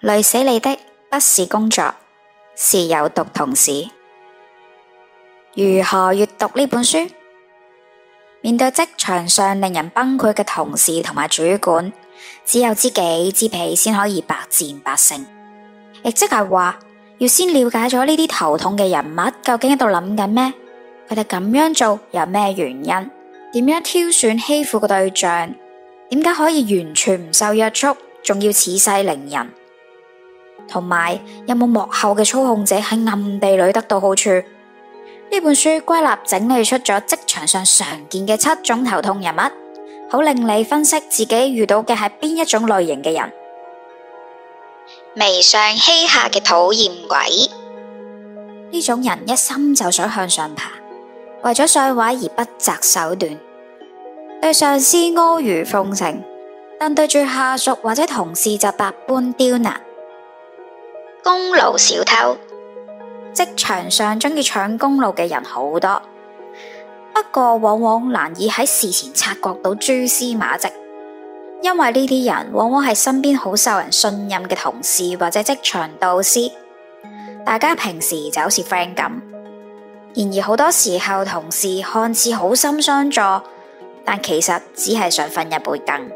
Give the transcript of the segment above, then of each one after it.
累死你的不是工作，是有毒同事。如何閱讀呢本書？面對職場上令人崩潰嘅同事同埋主管，只有知己知彼先可以百戰百勝。亦即係話，要先了解咗呢啲頭痛嘅人物究竟喺度諗緊咩？佢哋咁樣做有咩原因？點樣挑選欺負嘅對象？點解可以完全唔受約束，仲要恃勢凌人？同埋有冇幕後嘅操控者喺暗地裏得到好處？呢本書歸納整理出咗職場上常見嘅七種頭痛人物，好令你分析自己遇到嘅係邊一種類型嘅人。媚上欺下嘅討厭鬼，呢種人一心就想向上爬，為咗上位而不擇手段，對上司阿諛奉承，但對住下屬或者同事就百般刁難。功勞小偷，職場上中意搶功勞嘅人好多，不過往往難以喺事前察覺到蛛絲馬迹，因為呢啲人往往係身邊好受人信任嘅同事或者職場導師，大家平時就好似 friend 咁。然而好多時候，同事看似好心相助，但其實只係想分一杯羹。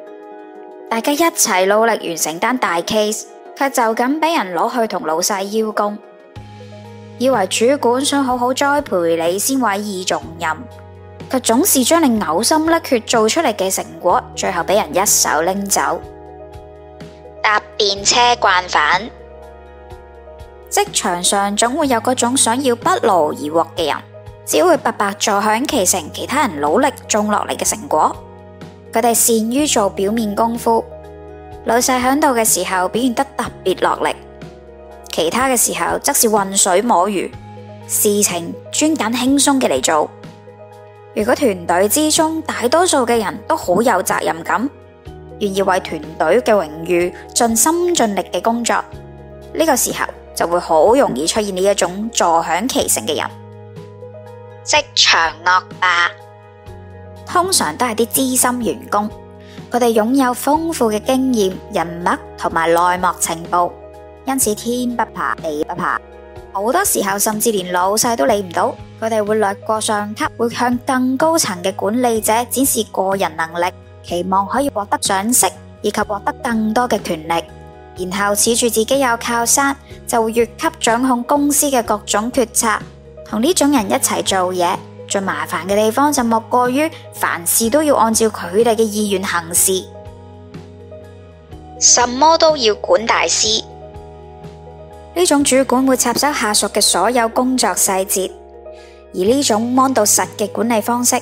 大家一齊努力完成單大 case。佢就咁俾人攞去同老細邀功，以為主管想好好栽培你先委以重任，佢總是將你嘔心瀝血做出嚟嘅成果，最後俾人一手拎走。搭便車慣犯，職場上總會有嗰種想要不勞而獲嘅人，只會白白坐享其成，其他人努力種落嚟嘅成果。佢哋善於做表面功夫。老細響度嘅時候表現得特別落力，其他嘅時候則是渾水摸魚，事情專揀輕鬆嘅嚟做。如果團隊之中大多數嘅人都好有責任感，願意為團隊嘅榮譽盡心盡力嘅工作，呢個時候就會好容易出現呢一種坐享其成嘅人。職場惡霸，通常都係啲資深員工。佢哋擁有豐富嘅經驗、人脈同埋內幕情報，因此天不怕地不怕，好多時候甚至連老細都理唔到。佢哋會略過上級，會向更高層嘅管理者展示個人能力，期望可以獲得賞識，以及獲得更多嘅權力。然後恃住自己有靠山，就越級掌控公司嘅各種決策，同呢種人一齊做嘢，最麻煩嘅地方就莫過於凡事都要按照佢哋嘅意願行事，什麼都要管大師。呢種主管會插手下屬嘅所有工作細節。而呢種摸到實嘅管理方式，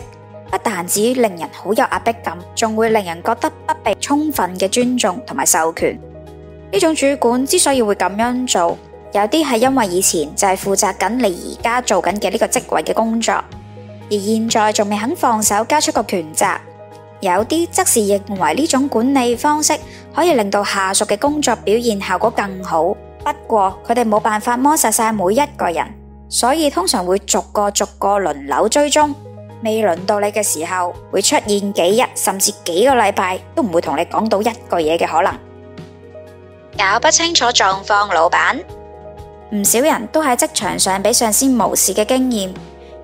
不但只令人好有壓迫感，仲會令人覺得不被充分嘅尊重同埋授權。呢種主管之所以會咁樣做，有啲係因為以前就係負責緊你而家做緊嘅呢個職位嘅工作。而現在仲未肯放手交出個權責，有啲則是認為呢種管理方式可以令到下屬嘅工作表現效果更好。不過佢哋冇辦法摸實晒每一個人，所以通常會逐個逐個輪流追蹤。未輪到你嘅時候，會出現幾日甚至幾個禮拜都唔會同你講到一個嘢嘅可能。搞不清楚狀況，老闆。唔少人都喺職場上俾上司無視嘅經驗。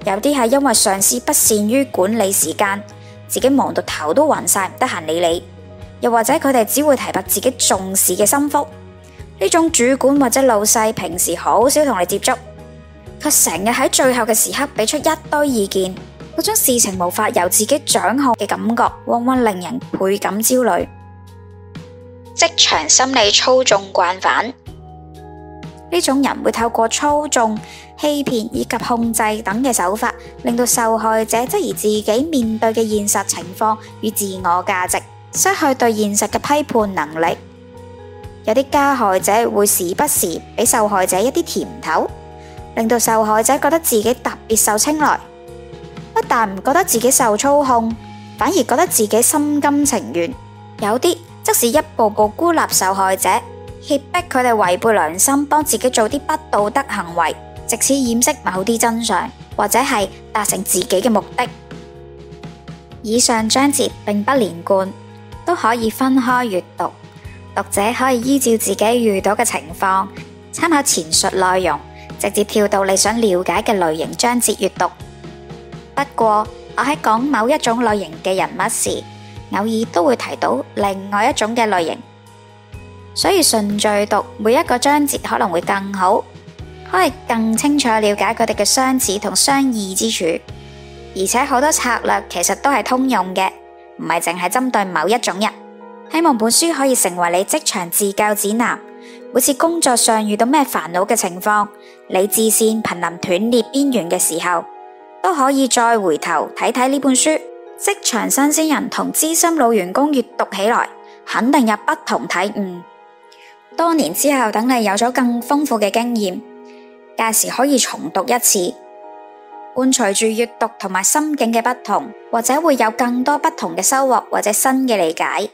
有啲係因為上司不善於管理時間，自己忙到頭都暈晒，唔得閒理你；又或者佢哋只會提拔自己重視嘅心腹，呢種主管或者老細平時好少同你接觸，卻成日喺最後嘅時刻俾出一堆意見，嗰種事情無法由自己掌控嘅感覺，往往令人倍感焦慮。職場心理操縱慣犯。呢種人會透過操縱、欺騙以及控制等嘅手法，令到受害者質疑自己面對嘅現實情況與自我價值，失去對現實嘅批判能力。有啲加害者會時不時俾受害者一啲甜頭，令到受害者覺得自己特別受青睞，不但唔覺得自己受操控，反而覺得自己心甘情願。有啲則是一步步孤立受害者。脅迫佢哋違背良心，幫自己做啲不道德行為，借此掩飾某啲真相，或者係達成自己嘅目的。以上章節並不連貫，都可以分開閱讀。讀者可以依照自己遇到嘅情況，參考前述內容，直接跳到你想了解嘅類型章節閱讀。不過，我喺講某一種類型嘅人物時，偶爾都會提到另外一種嘅類型。所以順序讀每一個章節可能會更好，可以更清楚了解佢哋嘅相似同相異之處。而且好多策略其實都係通用嘅，唔係淨係針對某一種人。希望本書可以成為你職場自救指南。每次工作上遇到咩煩惱嘅情況，你自信瀕臨斷裂邊緣嘅時候，都可以再回頭睇睇呢本書。職場新鮮人同資深老員工閱讀起來，肯定有不同體悟。多年之後，等你有咗更豐富嘅經驗，屆時可以重讀一次，伴隨住閱讀同埋心境嘅不同，或者會有更多不同嘅收穫，或者新嘅理解。